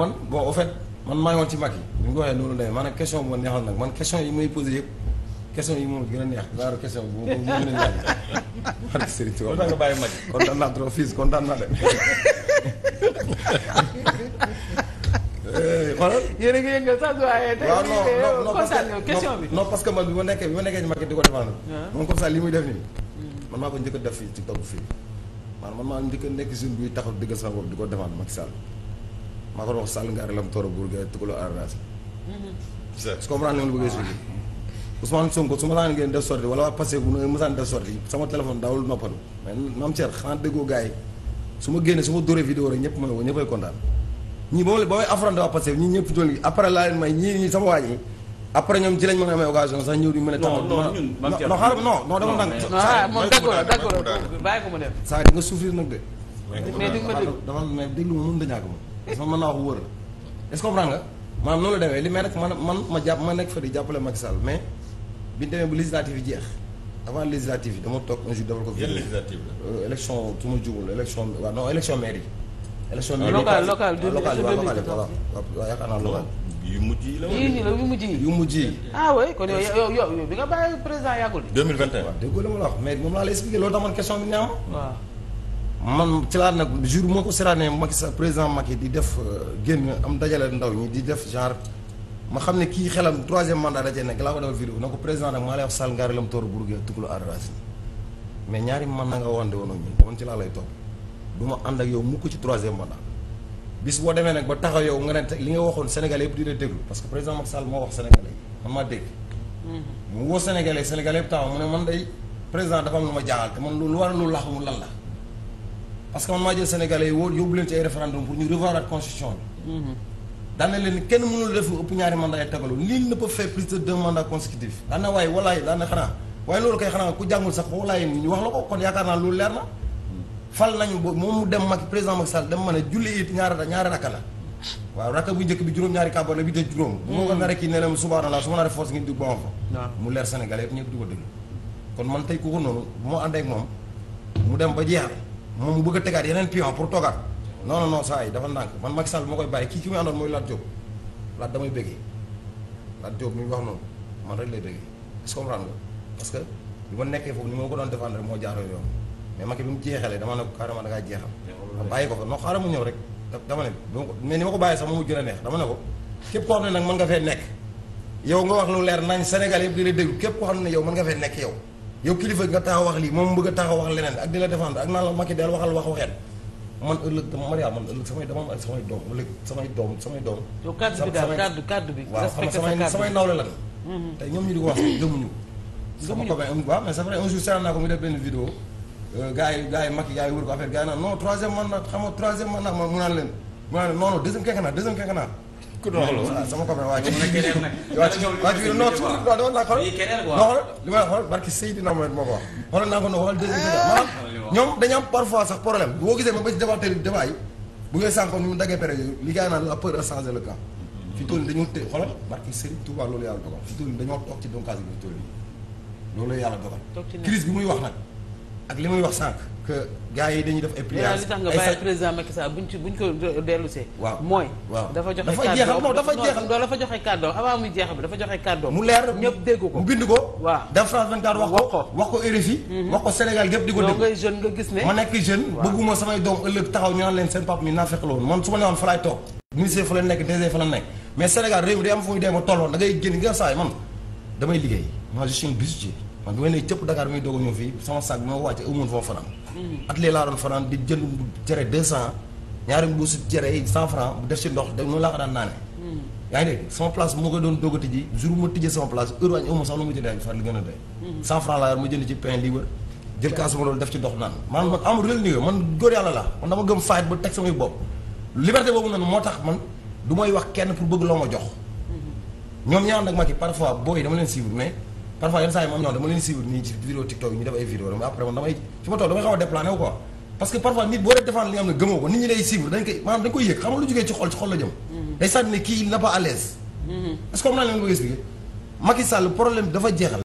man boo u fait man maa ngi woon ci mag yi bi mu ko waxee noonu la demee maanaam question bu ma neexoon nag man question yi may posé yi moom neex genre question bu a laaj. parce que Serigne Touba nga bàyyi mag yi kontaan naa trop fils kontaan naa de. Eh, xoolal a ngi yëngal que question bi. non parce que man bi ma nekkee bi ma nekkee ci mag yi ah. muy def nii. Hmm. man maa ko njëkk def fii ci toog fii. maanaam man maa njëkk nekk jeune buy taxaw dëggal sama bopp di ko défendre Macky Sall maa ko doon wax Sall ngaari lam tooro mm-hmm. ma la bëgg a expliquer. Ousmane def sorti wala waa Pastef bu ñu mësaan def sorti sama téléphone daawul noppalu mais maam Thierno xanaa déggoo gars su ma génnee su ma dóoree rek ñëpp mooy woo ñëppay kontaan. ñii ba ma ba may affronté waa Pastef ñii ñëpp doon après laa may ñii ñii sama waa ñi après ñoom ci lañ mën a amee occasion sax ñëw di mën a. non non ñun non non non dama tànk. ah moom d'accord d'accord bàyyi ko mu dem. saa di nga souffrir nag de. mais dégg nga sax mën naa wax wër est-ce que nga maanaam noonu la demee li may rek man ma ma nekk fa di jàppale Macky Sall mais bi ñu demee bu législative yi jeex avant législative yi dama toog un jour defal la. Euh, élection su ma yi. élection ah, locale locale du ah, locale yi waaw locale yi voilà waaw yaakaar naa locale. yu mujj yi la woon mujj yi. yu mujj yi. ah oui kon yow yow yow bi nga bàyyi président yàggul. 2021 waaw déggoo la ma mais moom laa lay expliqué loolu tax man question bi am. man ci laa nag jour moo ko seraane mag sa président Macky di def euh, génn am dajale ndaw ñi di def genre ma xam ne kii xelam troisième mandat da cee nekk laa ko defal ko président nag maa lay wax sall ngaari lam man na woon ak ñun man ci laa lay topp ma ànd ak yow mukk ci troisième mandat bis boo demee nag ba taxaw yow nga ne li nga waxoon sénégalais yëpp di la déglu parce que président Macky Sall moo wax sénégalais man maa dégg mm-hmm. mu woo sénégalais sénégalais yëpp taxaw mu ne man day président dafa am lu ma jaaxal te man lu war lu lax mu lan la parce que man maa jël sénégalais yi woo yóbbu leen ci ay référendum pour ñu revoir constitution leen kenn mënul def ëpp ñaari mandat yi tegaloo nul ne peut faire plus de deux mandats consécutifs daan na waaye walaay daan na xanaa waaye loolu kay xanaa ku jàngul sax walaay ñu wax la ko kon yaakaar naa loolu leer na. fal nañu ba moom mu dem Macky président Macky Sall dem ma ne julli it ñaari ñaari rakka la waaw rakka bu jëkk bi juróom-ñaari kàbbar la bi te juróom. bu ma ko leer sénégalais yëpp ñëpp di ko déglu kon moom mu dem ba jeexal moom mu bëgg a tegaat yeneen pion pour toogaat non non non saa yi dafa ndànk man Macky Sall moo koy bàyyi kii ki muy àndoon mooy Lat Diop Lat damay bëggee Lat Diop mi wax noonu man rek lay bëggee est parce que li ma nekkee foofu ni ma ko doon défendre moo jaaroo yoon mais Macky bi mu jeexalee dama ne ko carrément da ngaa jeexal bàyyi ko fa non xaaral mu ñëw rek dama ne mais ni ma ko bàyyee sax moomu gën a neex dama ne ko képp koo xam ne nag mën nga fee nekk yow nga wax lu leer nañ Sénégal yëpp di la képp koo xam ne yow mën nga fee nekk yow yow kilifa nga taxaw wax lii moom bëgg a taxaw wax leneen ak di la défendre ak naan la Macky del waxal wax waxeen man ëllëg dama Maria man ëllëg samay dama doom samay doom samay doom. waaw xam nga samay samay mm-hmm. mais c'est vrai un jour seetlu naa ko mu def benn vidéo. Euh, gars yi gars yi Macky gars yi wër ko affaire gars yi naan non troisième mandat xam nga troisième mandat ma mu leen mu naan leen non non deuxième quinquennat deuxième quinquennat ku doon ah, sama copain waa ci waa ci waa ci non su waaw dama naa xool non li may xool barki Seydina Mohamed moo ko wax xoolal naa ko no xoolal ah. ñoom dañu parfois sax problème boo gisee ma ba ci débatteur yi débat yi bu ngeen sànkoon ni mu daggee période yi li gars yi naan la peur a changé le fi tool dañoo té xoolal barki Serigne Touba loolu yàlla dogal fi tool dañoo toog ci donkaas bi fi tool yi loolu yàlla dogal crise bi muy wax nag ak li muy wax sànq que gars yi dañuy def ay pliage li tax nga bàyyi président Macky Sall buñ buñ ko dellusee waaw mooy dafa joxe kàddoom non dafa jeexal non dafa joxe kàddoom avant mu leer ñëpp dégg ko mu bind ko waaw def France 24 wax ko wax ko RFI mhm. wax ko Sénégal yëpp di ko dégg ngay jeune nga gis ne ma nekk jeune bëgguma samay doom ëllëg taxaw ñu naan leen seen papa mi naa fekk loolu man su ma ne woon fa laay toog ministère fa la nekk DG fa la nekk mais Sénégal réew mi day am fu muy dee ma tolloon da ngay génn liggéey moi je suis man bi may ne cëpp Dakar muy doog ñëw fii sama sac bi ma wàcce amoon foo fanaan. Mm-hmm. at lee laa doon fanaan di jënd jere deux cent ñaari mbuusu jere cent franc bu def ci ndox de noonu laa ko daan naane. Mm-hmm. yaa ngi moo koy doon doog a tijji jour bu ma tijjee sax lu ma jëndee ak far li gën a doy. Mm-hmm. cent franc laa yor ma jënd ci pain libre jël kaas ma def ci ndox naan man man amul réel niveau man góor yàlla laa man dama gëm faayit ba teg samay bopp liberté boobu noonu moo tax man du may wax kenn pour bëgg loo ma jox ñoom ñaar nag ma ci parfois booy dama leen suivre mais parfois yenn saa yi moom ñoom dama leen suivre nii ci vidéo TikTok yi ñu def ay vidéo mais damay fi ma toog damay xaw a déplané wu parce que parfois nit boo dee défendre li nga xam gëmoo ko nit ñi lay suivre dañ koy maanaam dañ koy yëg xam nga lu jógee ci xol ci xol la jëm mm-hmm. day sànni ne kii il n'est pas à l'aise mm-hmm. est-ce que am naa leen ko expliqué Macky problème dafa jeexal